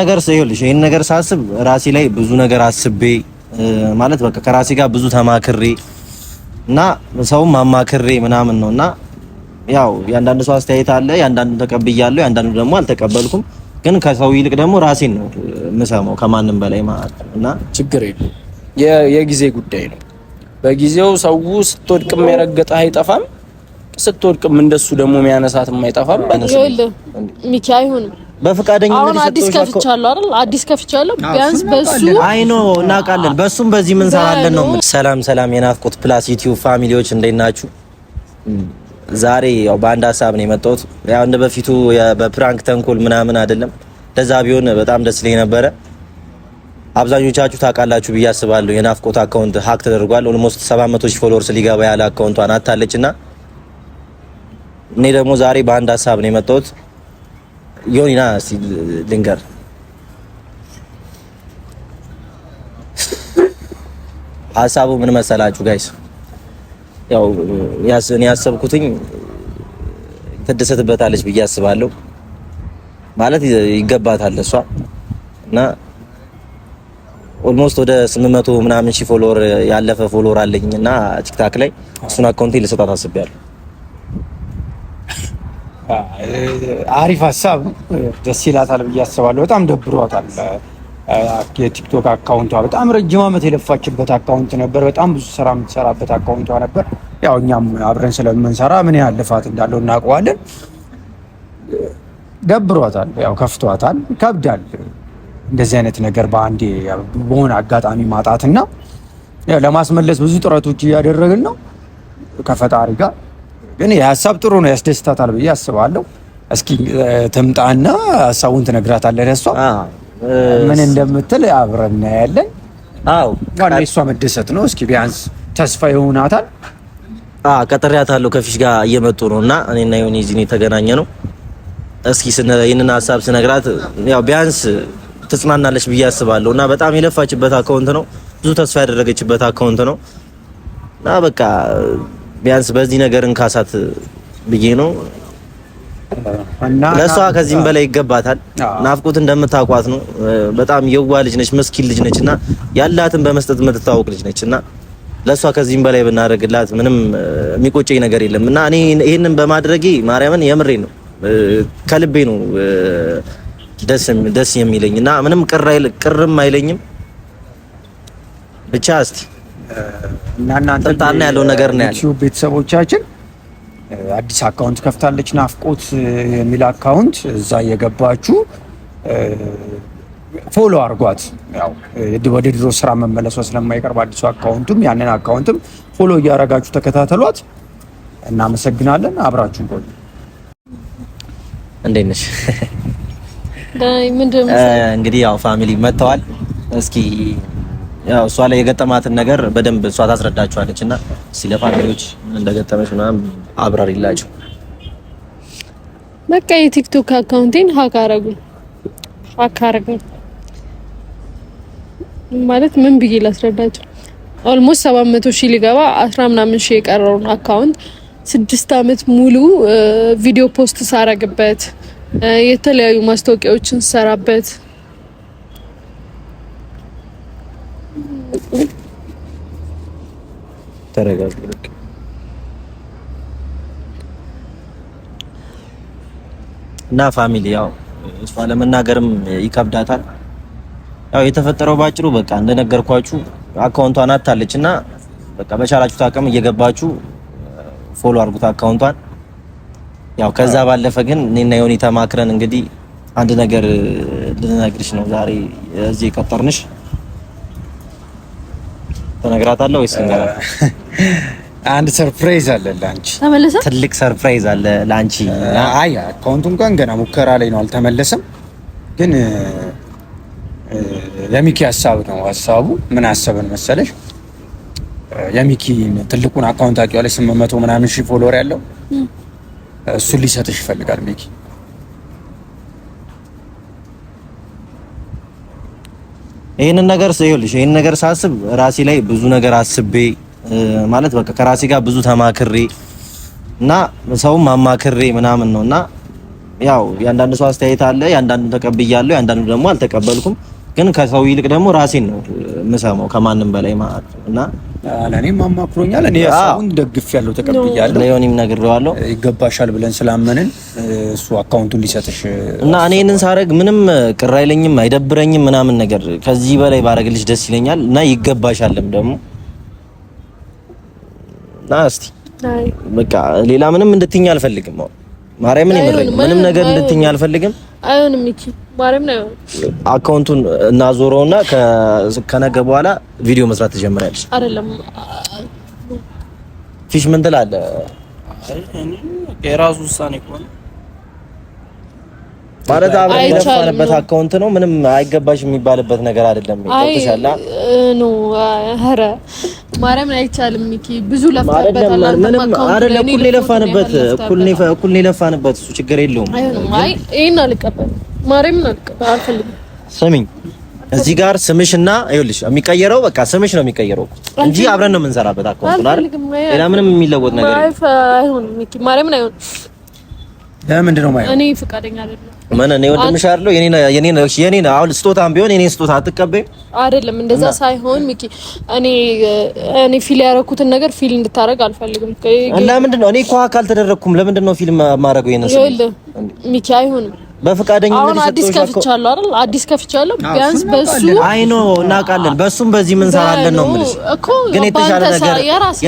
ነገር ይኸውልሽ፣ ይሄን ነገር ሳስብ ራሴ ላይ ብዙ ነገር አስቤ ማለት በቃ ከራሴ ጋር ብዙ ተማክሬ እና ሰውም አማክሬ ምናምን ነው እና ያው የአንዳንድ ሰው አስተያየት አለ። ያንዳንዱ ተቀብያለሁ፣ ያንዳንዱ ደግሞ አልተቀበልኩም። ግን ከሰው ይልቅ ደግሞ ራሴን ነው የምሰማው ከማንም በላይ ማለት እና ችግር የለ የጊዜ ጉዳይ ነው። በጊዜው ሰው ስትወድቅም የረገጠ አይጠፋም፣ ስትወድቅም እንደሱ ደግሞ የሚያነሳትም አይጠፋም። ሚኪ አይሆንም በፍቃደኛ አሁን አዲስ ከፍቻለሁ አይደል? አዲስ ከፍቻለሁ። ቢያንስ በሱ አይ ኖ እናውቃለን። በሱም በዚህ ምን ሰራለን ነው። ሰላም ሰላም፣ የናፍቆት ፕላስ ዩቲዩብ ፋሚሊዎች እንዴት ናችሁ? ዛሬ ያው በአንድ ሀሳብ ነው የመጣሁት። ያው እንደ በፊቱ በፕራንክ ተንኮል ምናምን አይደለም። ለዛ ቢሆን በጣም ደስ ይለኝ ነበረ። አብዛኞቻችሁ ታውቃላችሁ ብዬ አስባለሁ። የናፍቆት አካውንት ሀክ ተደርጓል። ኦልሞስት 700 ሺህ ፎሎወርስ ሊገባ ያለ አካውንቷን አታለችና እኔ ደግሞ ዛሬ በአንድ ሀሳብ ነው የመጣሁት ዮኒና እስኪ ልንገር ሀሳቡ ምን መሰላችሁ ጋይስ? ያው እኔ ያሰብኩትኝ ትደሰትበታለች ብዬ አስባለሁ። ማለት ይገባታል እሷ እና ኦልሞስት ወደ 800 ምናምን ሺህ ፎሎወር ያለፈ ፎሎወር አለኝ እና ቲክታክ ላይ እሱን አካውንቴ ልሰጣት አስቤያለሁ። አሪፍ ሀሳብ ደስ ይላታል ብዬ አስባለሁ። በጣም ደብሯታል። የቲክቶክ አካውንቷ በጣም ረጅም ዓመት የለፋችበት አካውንት ነበር። በጣም ብዙ ስራ የምትሰራበት አካውንቷ ነበር። ያው እኛም አብረን ስለምንሰራ ምን ያህል ልፋት እንዳለው እናውቀዋለን። ደብሯታል፣ ያው ከፍቷታል። ከብዳል እንደዚህ አይነት ነገር በአንዴ በሆነ አጋጣሚ ማጣትና ለማስመለስ ብዙ ጥረቶች እያደረግን ነው ከፈጣሪ ጋር ግን የሀሳብ ጥሩ ነው፣ ያስደስታታል ብዬ አስባለሁ። እስኪ ትምጣና ሀሳቡን ትነግራታለህ። እሷ ምን እንደምትል አብረን እናያለን። አዎ ዋና የእሷ መደሰት ነው። እስኪ ቢያንስ ተስፋ ይሆናታል። ቀጥሬያታለሁ። ከፊሽ ጋር እየመጡ ነው እና እኔና ዮኒ እዚህ የተገናኘ ነው። እስኪ ይህንን ሀሳብ ስነግራት ያው ቢያንስ ትጽናናለች ብዬ አስባለሁ እና በጣም የለፋችበት አካውንት ነው። ብዙ ተስፋ ያደረገችበት አካውንት ነው እና በቃ ቢያንስ በዚህ ነገር እንካሳት ብዬ ነው። ለእሷ ከዚህም በላይ ይገባታል። ናፍቆት እንደምታውቋት ነው። በጣም የዋ ልጅ ነች፣ መስኪን ልጅ ነች እና ያላትን በመስጠት የምትታወቅ ልጅ ነች እና ለእሷ ከዚህም በላይ ብናደርግላት ምንም የሚቆጨኝ ነገር የለም እና እኔ ይህንን በማድረጌ ማርያምን የምሬ ነው ከልቤ ነው ደስ የሚለኝ እና ምንም ቅርም አይለኝም ብቻ እስቲ እናንተ ያለው ነገር ነው ያለው ቤተሰቦቻችን አዲስ አካውንት ከፍታለች ናፍቆት የሚል አካውንት እዛ እየገባችሁ ፎሎ አርጓት። ያው ወደ ድሮ ስራ መመለሷ ስለማይቀርብ አዲሱ አካውንቱም ያንን አካውንትም ፎሎ እያደረጋችሁ ተከታተሏት። እናመሰግናለን። አብራችሁን ቆዩ። እንዴት ነሽ? እንግዲህ ያው ፋሚሊ መጥተዋል። እስኪ ያው እሷ ላይ የገጠማትን ነገር በደንብ እሷ ታስረዳችኋለች እና እስኪ ለፋሚሊዎች እንደገጠመች ምናምን አብራሪላቸው። በቃ የቲክቶክ አካውንቴን ሀክ አረጉ ሀክ አረጉኝ ማለት ምን ብዬ ላስረዳቸው? ኦልሞስት ሰባት መቶ ሺህ ሊገባ አስራ ምናምን ሺህ የቀረውን አካውንት ስድስት አመት ሙሉ ቪዲዮ ፖስት ሳረግበት የተለያዩ ማስታወቂያዎችን ሰራበት ተረጋግ እና ፋሚሊ ያው እሷ ለመናገርም ይከብዳታል። ያው የተፈጠረው ባጭሩ በቃ እንደነገርኳችሁ አካውንቷን አታለች እና በቃ በቻላችሁት ታቀም እየገባችሁ ፎሎ አድርጉት አካውንቷን። ያው ከዛ ባለፈ ግን እኔና ዮኒ ተማክረን እንግዲህ አንድ ነገር ልንነግርሽ ነው ዛሬ እዚህ የቀጠርንሽ ተነግራታለህ ወይስ እንገራለህ? አንድ ሰርፕራይዝ አለ ላንቺ፣ ተመለሰ። ትልቅ ሰርፕራይዝ አለ ላንቺ። አይ አካውንቱ እንኳን ገና ሙከራ ላይ ነው፣ አልተመለሰም። ግን የሚኪ ሀሳብ ነው። ሀሳቡ ምን አሰብን መሰለሽ? የሚኪ ትልቁን አካውንት አቂዋ ላይ ስምንት መቶ ምናምን ሺህ ፎሎወር ያለው እሱን ሊሰጥሽ ይፈልጋል ሚኪ ይሄንን ነገር ይኸውልሽ፣ ይሄን ነገር ሳስብ ራሴ ላይ ብዙ ነገር አስቤ ማለት በቃ ከራሴ ጋር ብዙ ተማክሬ እና ሰውም ማማክሬ ምናምን ነውና ያው ያንዳንዱ ሰው አስተያየት አለ፣ ያንዳንዱ ተቀብያለሁ፣ ያንዳንዱ ደግሞ አልተቀበልኩም። ግን ከሰው ይልቅ ደግሞ ራሴን ነው የምሰማው ከማንም በላይ ማለት ነው። እና ለእኔም አማክሮኛል። እኔ ደግፍ ያለው ተቀብያለሁ። ለዮኒም ነግሬዋለሁ ይገባሻል ብለን ስላመንን እሱ አካውንቱን ሊሰጥሽ እና እኔንን ሳረግ ምንም ቅር አይለኝም፣ አይደብረኝም ምናምን ነገር ከዚህ በላይ ባረግልሽ ደስ ይለኛል እና ይገባሻልም ደግሞ እና እስቲ በቃ ሌላ ምንም እንድትኛ አልፈልግም። ማርያምን ምንም ነገር እንድትኛ አልፈልግም። አይሆንም ይቺ ነው አካውንቱን እናዞረውና ከነገ በኋላ ቪዲዮ መስራት ትጀምራለች። አይደለም ፊሽ ምን ትላለህ? የራሱ ውሳኔ ማለት አብረን የለፋንበት አካውንት ነው። ምንም አይገባሽ የሚባልበት ነገር አይደለም። ይቆጥሻላ ኖ አረ ማርያም አይቻልም። ሚኪ ብዙ ለፋንበት አይደለም። እኩል ነው የለፋንበት፣ እሱ ችግር የለውም። አይ ይሄን አልቀበልም ማርያምን ስሚኝ እዚህ ጋር ስምሽና ይኸውልሽ የሚቀየረው በቃ ስምሽ ነው የሚቀየረው እንጂ አብረን ነው የምንሰራበት አካውንት ሌላ ምንም የሚለወጥ ነገር አይሆንም። ለምንድን ነው የማይሆን? እኔ ፍቃደኛ ምን እኔ ወንድምሽ አይደለሁ? የኔ ነው አሁን ስጦታም ቢሆን የኔ ስጦታ አትቀበይም አይደለም? እንደዛ ሳይሆን ሚኪ፣ እኔ እኔ ፊል ያደረኩትን ነገር ፊል እንድታረግ አልፈልግም። ለምንድን ነው እኔ እኮ ካልተደረኩም፣ ለምንድን ነው ፊልም ማድረገው? ይሄን ሚኪ፣ አይሆንም በፍቃደኝነት አሁን አዲስ ከፍቻለሁ አይደል? አዲስ ከፍቻለሁ። ቢያንስ በሱ አይ ኖ እናውቃለን። በሱም በዚህ ምን ሰራለን ነው የምልሽ። ግን የተሻለ ነገር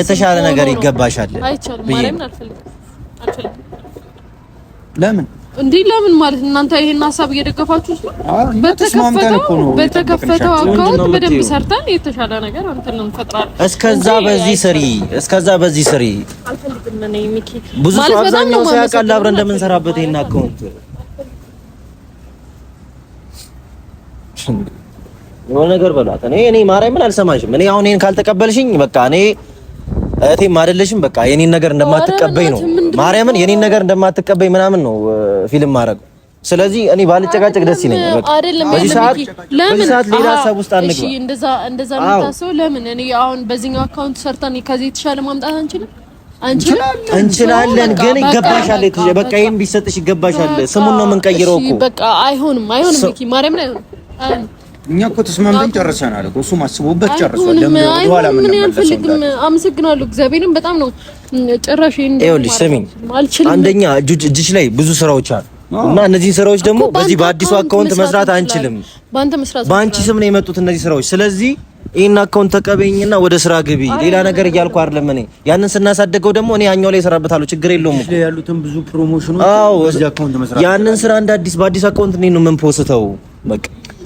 የተሻለ ነገር ይገባሻል። ለምን እንዴ? ለምን ማለት እናንተ ይሄን ሀሳብ እየደገፋችሁ በተከፈተው በተከፈተው አካውንት በደንብ ሰርተን የተሻለ ነገር እንትን እንፈጥራለን። እስከዛ በዚህ ስሪ፣ እስከዛ በዚህ ስሪ። ብዙ ሰው አብዛኛው ሰው ያውቃል አብረን እንደምንሰራበት ይሄን አካውንት የሆነ ነገር በሏት። እኔ እኔ ማርያምን አልሰማሽም። እኔ አሁን ይሄን ካልተቀበልሽኝ በቃ እኔ እህቴም አይደለሽም። በቃ የኔን ነገር እንደማትቀበይ ነው ማርያምን፣ የኔን ነገር እንደማትቀበይ ምናምን ነው ፊልም ማድረግ። ስለዚህ እኔ ባልጨቃጨቅ ደስ ይለኛል። በቃ አይደለም በዚህ ሰዓት በዚህ ሰዓት ሌላ ሀሳብ ውስጥ አንግባ። እሺ፣ እንደዛ እንደዛ የምታስበው ለምን? እኔ አሁን በዚህኛው አካውንት ሰርተን ከዚህ የተሻለ ማምጣት አንችልም እንችላለን ግን ይገባሻል። በቃ ይሄን ቢሰጥሽ ይገባሻል። ስሙን ነው የምንቀይረው እኮ በቃ አይሆንም፣ አይሆንም። ማርያምን አይሆንም እኛ እኮ ተስማምተን ጨርሰናል እኮ እሱም አስቦበት ጨርሷል። ለምን ወደኋላ ምን አልፈልግም። አመሰግናለሁ እግዚአብሔርን በጣም ነው። ጭራሽ ይኸውልሽ፣ ስሚኝ፣ አንደኛ እጅሽ ላይ ብዙ ስራዎች አሉ እና እነዚህን ስራዎች ደግሞ በዚህ በአዲሱ አካውንት መስራት አንችልም። መስራት በአንቺ ስም ነው የመጡት እነዚህ ስራዎች። ስለዚህ ይህን አካውንት ተቀበኝና ወደ ስራ ግቢ። ሌላ ነገር እያልኩ አይደለም። እኔ ያንን ስናሳደገው ደግሞ እኔ ያኛው ላይ እሰራበታለሁ። ችግር የለውም እኮ ያሉትን ብዙ ፕሮሞሽኖች። አዎ ያንን ስራ እንደ አዲስ በአዲስ አካውንት እኔ ነው የምንፖስተው በቃ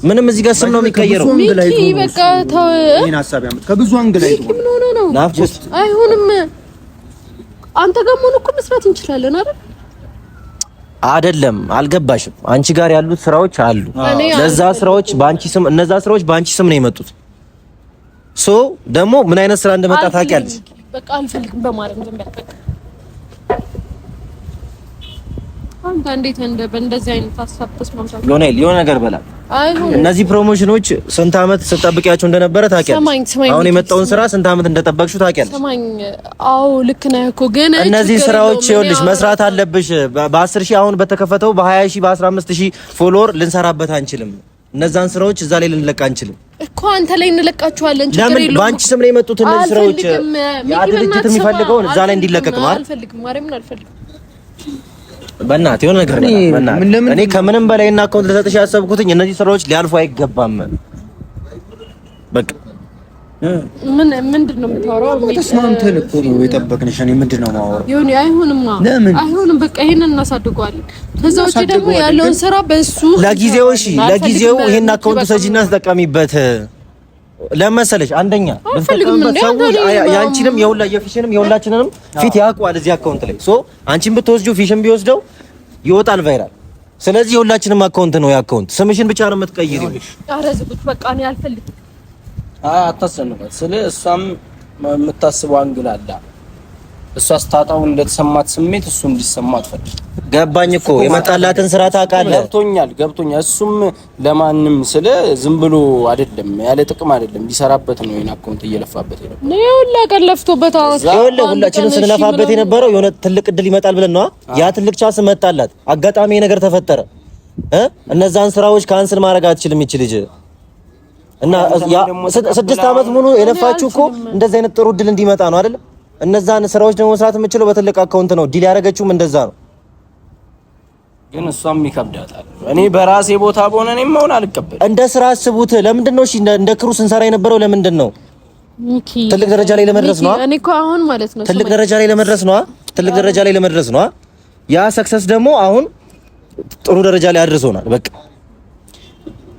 ምንም እዚህ ጋር ስም ነው የሚቀየረው። ሚኪ በቃ ተው፣ ይሄን ሐሳብ ያመጣ ከብዙ አንግል ነው ናፍቆት አይሆንም። አንተ ጋር ምን እኮ መስራት እንችላለን አይደል? አይደለም፣ አልገባሽም። አንቺ ጋር ያሉት ስራዎች አሉ። ለዛ ስራዎች ባንቺ ስም እነዛ ስራዎች ባንቺ ስም ነው የመጡት። ሶ ደግሞ ምን አይነት ስራ እንደመጣ ታውቂያለሽ። በቃ አልፈልግም በማረም አንተ እንዴት የሆነ ነገር በላ። እነዚህ ፕሮሞሽኖች ስንት አመት ስጠብቂያቸው እንደነበረ ታውቂያለሽ። አሁን የመጣውን ስራ ስንት አመት እንደጠበቅሽው ታውቂያለሽ። ሰማኝ። አዎ ልክ ነህ እኮ ግን እነዚህ ስራዎች ይኸውልሽ መስራት አለብሽ። በ10 ሺህ አሁን በተከፈተው በ20 ሺህ በ15 ሺህ ፎሎወር ልንሰራበት አንችልም። እነዛን ስራዎች እዛ ላይ ልንለቅ አንችልም እኮ አንተ ላይ እንለቃችኋለን። ችግር የለውም። በአንቺ ስም ላይ የመጡት እነዚህ ስራዎች ያ ድርጅት የሚፈልገውን እዛ ላይ እንዲለቀቅ ማለት አልፈልግም። ማርያምን አልፈልግም በእናትህ የሆነ ነገር እኔ ከምንም በላይ እና አካውንት ልሰጥሽ ያሰብኩትኝ እነዚህ ስራዎች ሊያልፉ አይገባም። በቃ ምን ምንድን ነው የምታወራው? ተስማምተን እኮ ነው የጠበቅንሽ። እኔ ምንድን ነው የማወራው? ይሁን አይሁንማ፣ ለምን አይሁንም። በቃ ይሄን እናሳድገዋለን። ከዛ ውጪ ደግሞ ያለውን ስራ በሱ ለጊዜው፣ እሺ ለጊዜው ይሄን አካውንት ሰጂና ተጠቀሚበት። ለመሰለሽ አንደኛ ብትጠቀምበት ሰው ያንቺንም የሁላ የፊሽንም የሁላችንንም ፊት ያውቀዋል እዚህ አካውንት ላይ ሶ አንቺን ብትወስጂው ፊሽን ቢወስደው ይወጣል ቫይራል። ስለዚህ የሁላችንም አካውንት ነው የአካውንት ስምሽን ብቻ ነው የምትቀይሪው። ኧረ ዝጉት በቃ ነው ያልፈልግ። አይ አታሰንበት ስለ እሷም የምታስበው አንግል አለ እሷ ስታጣው እንደተሰማት ስሜት እሱ እንዲሰማት ፈልግ። ገባኝ እኮ የመጣላትን ስራ ታውቃለህ። ገብቶኛል ገብቶኛል። እሱም ለማንም ስለ ዝም ብሎ አይደለም፣ ያለ ጥቅም አይደለም። ሊሰራበት ነው ይሄን አካውንት እየለፋበት የነበረው ይኸውልህ፣ ቀን ለፍቶበት ሁላችንም ስንለፋበት የነበረው የሆነ ትልቅ እድል ይመጣል ብለን ነው። ያ ትልቅ ቻንስ መጣላት፣ አጋጣሚ ነገር ተፈጠረ። እነዛን ስራዎች ካንስል ማድረግ አትችልም ይችል ልጅ እና ስድስት አመት ሙሉ የለፋችሁ እኮ እንደዚህ አይነት ጥሩ እድል እንዲመጣ ነው አይደለም እነዛን ስራዎች ደግሞ መስራት የምችለው በትልቅ አካውንት ነው። ዲል ያደረገችውም እንደዛ ነው። ግን እሷም ይከብዳታል። እኔ በራሴ ቦታ በሆነ እኔም መሆን አልቀበል። እንደ ስራ አስቡት። ለምንድን ነው እንደ ክሩ ስንሰራ የነበረው? ለምንድን ነው ትልቅ ደረጃ ላይ ለመድረስ ነው። እኔ እኮ አሁን ማለት ነው ትልቅ ደረጃ ላይ ለመድረስ ነው። ትልቅ ደረጃ ላይ ለመድረስ ነው። ያ ሰክሰስ ደግሞ አሁን ጥሩ ደረጃ ላይ አድርሶናል። በቃ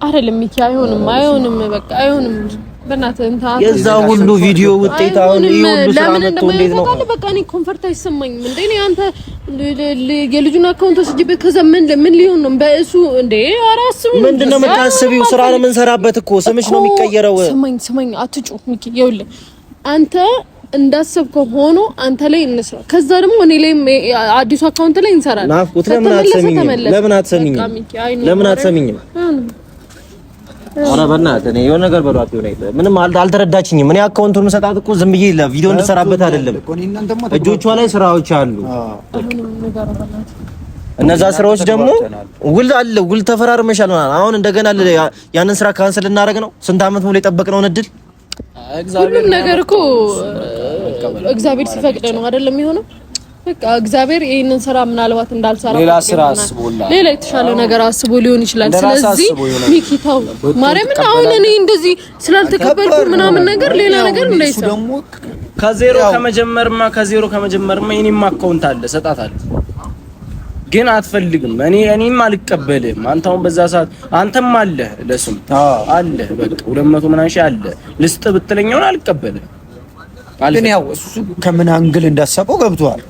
አይደለም፣ አይሆንም፣ አይሆንም፣ በቃ አይሆንም። የዛ ሁሉ ቪዲዮ ውጤት አሁን ይሄ ሁሉ ስራ መጥቶ እንዴት ነው? በቃ እኔ ኮንፈርት አይሰማኝም። እንዴ እኔ አንተ የልጁን አካውንት ወስጅበት ከዛ ምን ለምን ሊሆን ነው በእሱ እንዴ አራስቡ ምንድን ነው የምታስቢው? ስራ ነው የምንሰራበት እኮ ስምሽ ነው የሚቀየረው። ስማኝ ስማኝ፣ አትጩ ሚኪ። ይኸውልህ አንተ እንዳሰብከው ሆኖ አንተ ላይ እንስራ፣ ከዛ ደግሞ እኔ ላይ አዲሱ አካውንት ላይ እንሰራለን። ናፍቆት ለምን አትሰሚኝም? ለምን አትሰሚኝም? ለምን አትሰሚኝም? ሆነ በእናትህ እኔ የሆነ ነገር በሏት። ምንም አልተረዳችኝም። እኔ አካውንቱን ሰጣት እኮ ዝም ብዬ ለቪዲዮ እንድሰራበት አይደለም። እጆቿ ላይ ስራዎች አሉ። እነዛ ስራዎች ደግሞ ውል አለ። ውል ተፈራርመሻል። አሁን እንደገና ያንን ስራ ካንስል እናደርግ ነው። ስንት አመት ሙሉ የጠበቅነውን እድል ሁሉም ነገር እኮ እግዚአብሔር ሲፈቅድ ነው አይደለም የሚሆነው በቃ እግዚአብሔር ይሄንን ስራ ምናልባት እንዳልሰራ ሌላ ስራ አስቦላ ሌላ የተሻለ ነገር አስቦ ሊሆን ይችላል። ስለዚህ ሚኪታው ማርያምን አሁን እኔ እንደዚህ ስላልተቀበልኩ ምናምን ነገር ሌላ ነገር እንዳይሰራ ከዜሮ ከመጀመርማ ከዜሮ ከመጀመርማ የኔም አካውንት አለ ሰጣታል ግን አትፈልግም። እኔ እኔም አልቀበልም። አንተ አሁን በዛ ሰዓት አንተም አለ ለሱም አለ በቃ 200 መቶ ምናምን ሺህ አለ ልስጥ ብትለኛውን አልቀበልም። ግን ያው እሱ ከምን አንግል እንዳሰበው ገብቷል።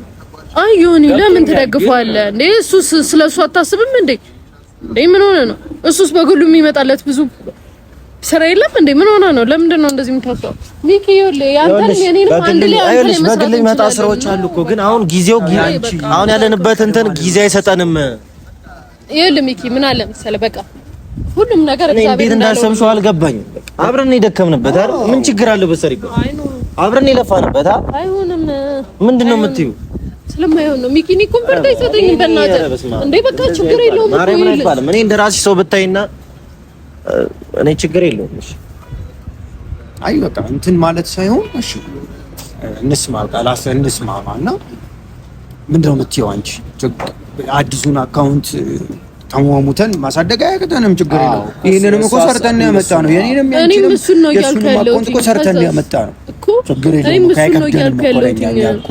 አይ ዮኒ ለምን ትደግፈዋለህ እንዴ? እሱስ ስለ እሱ አታስብም እንዴ? እንዴ ምን ሆነ ነው? እሱስ በግሉ የሚመጣለት ብዙ ስራ የለም እንዴ? ምን ሆነ ነው? ለምንድን ነው እንደዚህ የምታስበው? ሚኪ ይኸውልህ፣ ያንተን የኔንም አንድ ላይ አይሆንልሽ። በግል የሚመጣ ስራዎች አሉ እኮ ግን አሁን ጊዜው አሁን ያለንበት እንትን ጊዜ አይሰጠንም። ይኸውልህ ሚኪ ምን አለ መሰለህ በቃ ሁሉም ነገር እግዚአብሔር እንዴት እንዳሰብሽው አልገባኝም። አብረን የደከምንበት አይደል? ምን ችግር አለው? በሰሪበት አብረን የለፋንበት አይሆንም። ምንድን ነው የምትይው? ስለማይሆን ነው። የለውም እኮ ሰው ብታይና እኔ ችግር የለውም። እሺ አይ በቃ እንትን ማለት ሳይሆን እሺ እንስማ ቃላስ እንስማማ እና ምንድን የምትይው አንቺ? አዲሱን አካውንት ተሟሙተን ማሳደግ አያቅተንም። ችግር የለውም። ይሄንንም እኮ ሰርተን ነው ያመጣ ነው። የኔንም የኔንም እሱን ነው እያልኩ ያለሁት እኮ ሰርተን ነው ያመጣ ነው። ችግር የለውም። ከአይቀደንም እኮ ለእኛ እኮ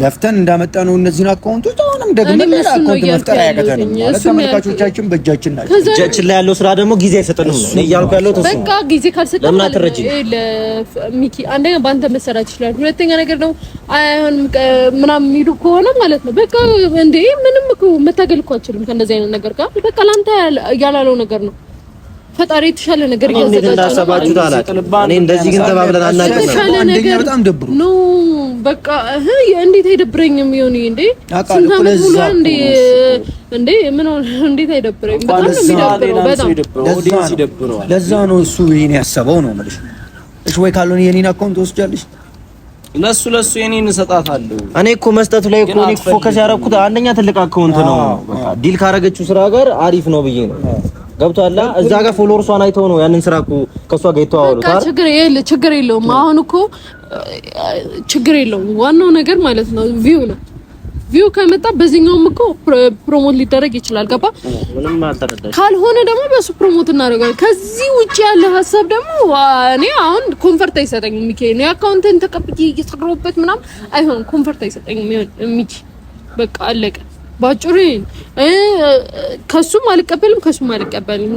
ለፍተን እንዳመጣ ነው እነዚህን አካውንቶች አሁንም ደግሞ ሌላ አካውንት መፍጠር አያቀተንም። ማለት ተመልካቾቻችን በእጃችን ናቸው። እጃችን ላይ ያለው ስራ ደግሞ ጊዜ አይሰጠንም ነው እያልኩ ያለው። በቃ ጊዜ ካልሰጠን ለምን አትረጂ ለሚኪ አንደኛ በአንተ መሰራት ይችላል። ሁለተኛ ነገር ደግሞ አይሆንም ምናምን የሚሉ ከሆነ ማለት ነው በቃ እንዴ ምንም መታገል እኮ አችልም ከእንደዚህ አይነት ነገር ጋር በቃ ላንተ ያላለው ነገር ነው ፈጣሪ የተሻለ ነገር እንዳሰባችሁት አላውቅም። እኔ እንደዚህ ግን ተባብለን አናውቅም። የተሻለ ነገር በጣም ደብሩ ነው። በቃ እንዴት አይደብረኝም? ይሁን እንዴ ስንት ዓመት ሙሉ እንዴ እንዴ ምን እንዴት አይደብረኝም? በጣም ነው የሚደብረው። በጣም ለዛ ነው እሱ ይሄን ያሰበው ነው የምልሽ። እሺ ወይ ካልሆነ የኔን አካውንት ትወስጃለሽ? ለሱ ለሱ የኔን እሰጣታለሁ። እኔ እኮ መስጠቱ ላይ እኮ ፎከስ ያደረኩት አንደኛ ትልቅ አካውንት ነው ዲል ካረገችው ስራ ጋር አሪፍ ነው ብዬ ነው ገብቷላ እዛ ጋር ፎሎወርሷን አይተው ነው ያንን ስራ እኮ ከሷ ጋር የተዋወሉት። ችግር የለ የለውም አሁን እኮ ችግር የለውም። ዋናው ነገር ማለት ነው ቪው ነው። ቪው ከመጣ በዚህኛውም እኮ ፕሮሞት ሊደረግ ይችላል። ገባ? ካልሆነ ደግሞ በሱ ፕሮሞት እናደርጋለን። ከዚህ ውጪ ያለ ሀሳብ ደግሞ እኔ አሁን ኮንፈርት አይሰጠኝም። ሚኬ ነው የአካውንትን ተቀብዬ እየሰራሁበት ምናምን አይሆንም። ኮንፈርት አይሰጠኝም ሚኬ በቃ አለቀ። ባጭሩ ከሱም አልቀበልም ከሱም አልቀበልም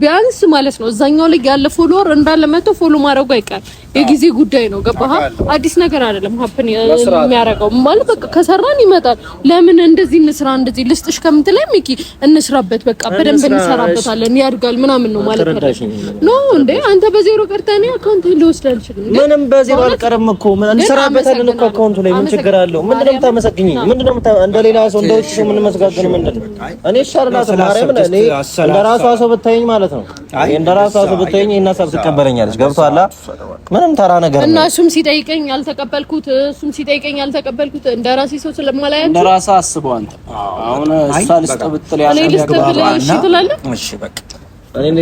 ቢያንስ ማለት ነው እዛኛው ላይ ያለ ፎሎወር እንዳለ መቶ ፎሎ ማድረጉ አይቀር የጊዜ ጉዳይ ነው። ገባህ? አዲስ ነገር አይደለም ሀፕን የሚያደርገው ማለት በቃ ከሰራን ይመጣል። ለምን እንደዚህ እንስራ እንደዚህ ልስጥሽ ከምትለኝ ሚኪ እንስራበት፣ በቃ በደንብ እንሰራበታለን፣ ያድጋል ምናምን ነው ማለት ነው። ኖ እንዴ አንተ በዜሮ ቀርተህ እኔ አካውንት ልወስድ አልችልም። ምንም በዜሮ አልቀርም እኮ ምን እንሰራበታለን እኮ አካውንቱ ላይ ምን ችግር አለው? ምንድነው የምታመሰግኝ? ምንድነው እንደ ሌላ ሰው እንደ ሰው ምን መስጋገን ምንድነው? እኔ ይሻልላት ማርያም እኔ እንደ ራሷ ሰው ብታየኝ ማለት ነው። እንደ ራሷ ሰው ብታየኝ ይሄን ሀሳብ ትቀበለኛለች። ገብቶሃል? ምንም ተራ ነገር እና እሱም ሲጠይቀኝ አልተቀበልኩት፣ እሱም ሲጠይቀኝ አልተቀበልኩት። እንደራሴ ሰው ስለማላያት እንደራሴ ራስህ አስበው አንተ። አሁን እሷ ልስጥ ብትል ያለ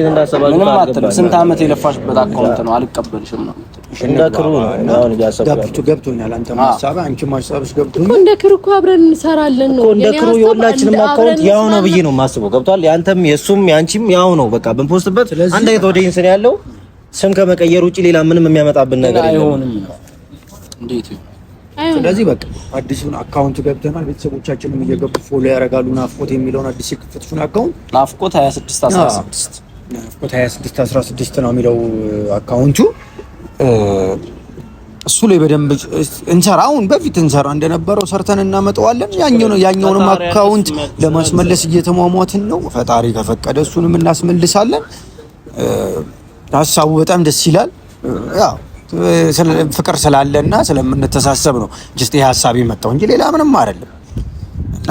ነገር ስንት አመት የለፋሽበት አካውንት ነው። አልቀበልሽም ነው እንደ ክሩ ነው። አሁን እያሰብኩ ገብቶኛል። አንተም ሀሳብህ አንቺም ሀሳብሽ ገብቶኛል። እንደ ክሩ እኮ አብረን እንሰራለን ነው እንደ ክሩ። የሁላችንም አካውንት ያው ነው ብዬ ነው የማስበው። ገብቷል። ያንተም የእሱም ያንቺም ያው ነው። በቃ ብንፖስትበት አንድ አይነት ኦዲየንስ ነው ያለው ስም ከመቀየር ውጪ ሌላ ምንም የሚያመጣብን ነገር የለም። እንዴት? ስለዚህ በቃ አዲሱን አካውንት ገብተናል። ቤተሰቦቻችንም እየገቡ ፎሎ ያደርጋሉ። ናፍቆት የሚለውን አዲስ የከፈትኩትን አካውንት ናፍቆት 16 ናፍቆት 16 ነው የሚለው አካውንቱ። እሱ ላይ በደንብ እንሰራ አሁን በፊት እንሰራ እንደነበረው ሰርተን እናመጣዋለን። ያኛውንም አካውንት ለማስመለስ እየተሟሟትን ነው። ፈጣሪ ከፈቀደ እሱንም እናስመልሳለን። ሀሳቡ በጣም ደስ ይላል። ያው ፍቅር ስላለና ስለምንተሳሰብ ነው ጅስት ይህ ሀሳብ የመጣው እንጂ ሌላ ምንም አይደለም። እና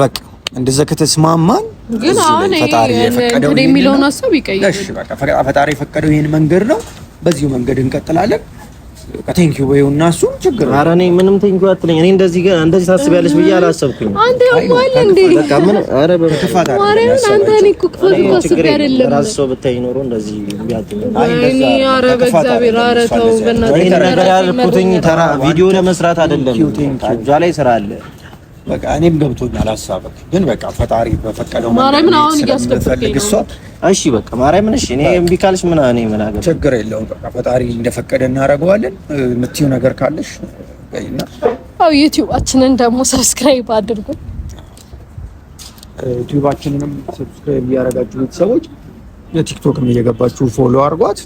በቃ እንደዛ ከተስማማን ግን አሁን የሚለውን ሀሳብ ይቀይራል። ፈጣሪ የፈቀደው ይህን መንገድ ነው። በዚሁ መንገድ እንቀጥላለን። ቴንኪው በይው እና እሱም ችግር ኧረ እኔ ምንም ቴንኪው አትለኝ። እኔ እንደዚህ ጋር እንደዚህ ታስቢያለሽ ብዬ አላሰብኩኝ። አንተ ያውቃል እንዴ በቃ ምን ኧረ በክፋት አይደለም። አንተ አይደለም። ሰው ብታይ ኖሮ እንደዚህ ተው ተራ ቪዲዮ ለመስራት አይደለም። እጇ ላይ ስራ አለ በቃ እኔም ገብቶኛል ሀሳብህ፣ ግን በቃ ፈጣሪ በፈቀደው ማርያምን አሁን እያስገበርከኝ ነው። እሺ በቃ ማርያምን፣ እሺ እኔ እምቢ ካልሽ ምን እኔ ምን አገባኝ፣ ችግር የለውም በቃ ፈጣሪ እንደፈቀደ እናደርገዋለን። የምትይው ነገር ካለሽ በይና። አው ዩቲዩባችንን ደግሞ ሰብስክራይብ አድርጉ። ዩቲዩባችንንም ሰብስክራይብ እያደረጋችሁ ቤተሰቦች የቲክቶክም እየገባችሁ ፎሎ አድርጓት።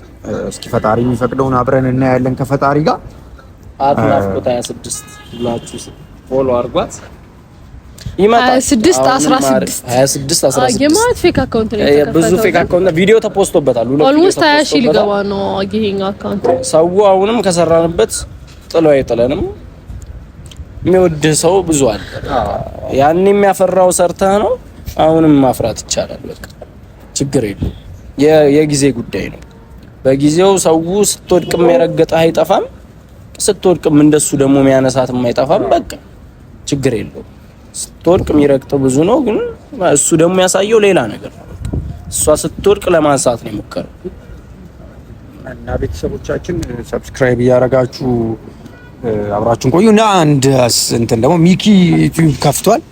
እስኪ ፈጣሪ የሚፈቅደውን አብረን እናያለን ከፈጣሪ ጋር አትናፍቆት 26 ብላችሁ ፎሎ አድርጓት። ብዙ ፌክ አካውንት ቪዲዮ ተፖስቶበታል። ኦልሞስት ሀያ ሺህ ሊገባ ነው ይሄኛው አካውንት። ሰው አሁንም ከሰራንበት ጥሎ አይጥለንም። የሚወድህ ሰው ብዙ አለ። ያን የሚያፈራው ሰርተህ ነው። አሁንም ማፍራት ይቻላል። በቃ ችግር የለም። የጊዜ ጉዳይ ነው። በጊዜው ሰው ስትወድቅም የረገጠህ አይጠፋም። ስትወድቅም እንደሱ ደግሞ የሚያነሳትም አይጠፋም። በቃ ችግር የለውም። ስትወድቅ የሚረግጠው ብዙ ነው፣ ግን እሱ ደግሞ ያሳየው ሌላ ነገር ነው። እሷ ስትወድቅ ለማንሳት ነው የሞከረው። እና ቤተሰቦቻችን ሰብስክራይብ እያደረጋችሁ አብራችሁን ቆዩ። እና አንድ እንትን ደግሞ ሚኪ ዩቲዩብ ከፍቷል።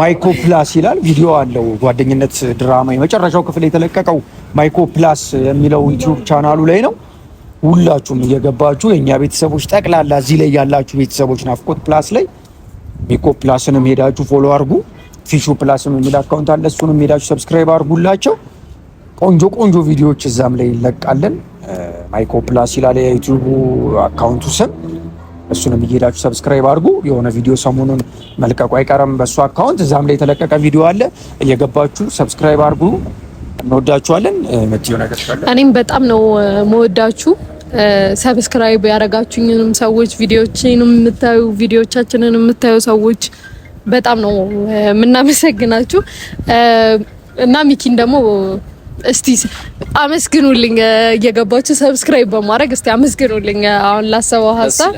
ማይኮ ፕላስ ይላል ቪዲዮ አለው። ጓደኝነት ድራማ የመጨረሻው ክፍል የተለቀቀው ማይኮ ፕላስ የሚለው ዩቲዩብ ቻናሉ ላይ ነው። ሁላችሁም እየገባችሁ የእኛ ቤተሰቦች ጠቅላላ እዚህ ላይ ያላችሁ ቤተሰቦች ናፍቆት ፕላስ ላይ ሚኮ ፕላስንም ሄዳችሁ ፎሎ አርጉ። ፊሹ ፕላስም የሚል አካውንት አለ። እሱንም ሄዳችሁ ሰብስክራይብ አርጉላቸው። ቆንጆ ቆንጆ ቪዲዮዎች እዛም ላይ ይለቃለን። ማይኮ ፕላስ ይላል የዩቲዩቡ አካውንቱ ስም። እሱንም እየሄዳችሁ ሰብስክራይብ አድርጉ። የሆነ ቪዲዮ ሰሞኑን መልቀቁ አይቀርም በእሱ አካውንት፣ እዛም ላይ የተለቀቀ ቪዲዮ አለ። እየገባችሁ ሰብስክራይብ አድርጉ። እንወዳችኋለን። መትየው ነገር እኔም በጣም ነው መወዳችሁ። ሰብስክራይብ ያደረጋችሁኝንም ሰዎች ቪዲዮችንም የምታዩ ቪዲዮቻችንን የምታዩ ሰዎች በጣም ነው የምናመሰግናችሁ እና ሚኪን ደግሞ እስቲ አመስግኑልኝ እየገባችሁ ሰብስክራይብ በማድረግ እስቲ አመስግኑልኝ። አሁን ላሰበው ሀሳብ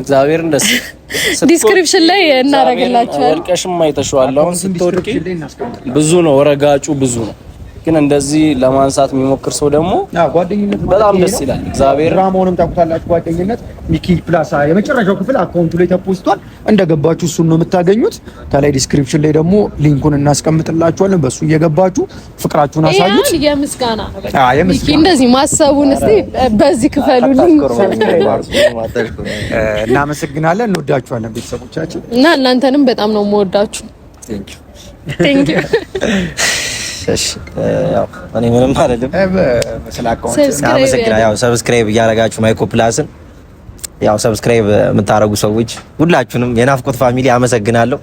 እግዚአብሔር እንደስ ዲስክሪፕሽን ላይ እናደርግላችኋለን። ወድቀሽም አይተሽዋል። አሁን ስትወድቂ ብዙ ነው ረጋጩ ብዙ ነው ግን እንደዚህ ለማንሳት የሚሞክር ሰው ደግሞ ጓደኝነት በጣም ደስ ይላል። እግዚአብሔር ድራማውንም ታውቁታላችሁ። ጓደኝነት ሚኪ ፕላሳ የመጨረሻው ክፍል አካውንቱ ላይ ተፖስቷል። እንደገባችሁ እሱን ነው የምታገኙት። ከላይ ዲስክሪፕሽን ላይ ደግሞ ሊንኩን እናስቀምጥላችኋለን። በእሱ እየገባችሁ ፍቅራችሁን አሳዩት። የምስጋና እንደዚህ ማሰቡን እስቲ በዚህ ክፈሉልኝ። እናመሰግናለን። እንወዳችኋለን ቤተሰቦቻችን እና እናንተንም በጣም ነው የምወዳችሁ። ቴንክ ዩ እኔ ምንም አይደለም። ያው ሰብስክራይብ እያደረጋችሁ ማይኮ ፕላስን ያው ሰብስክራይብ የምታደርጉ ሰዎች ሁላችሁንም የናፍቆት ፋሚሊ አመሰግናለሁ።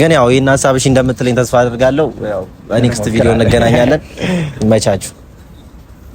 ግን ያው ይህን ሀሳብሽ እንደምትለኝ ተስፋ አድርጋለሁ። ያው ኔክስት ቪዲዮ እንገናኛለን። ይመቻችሁ።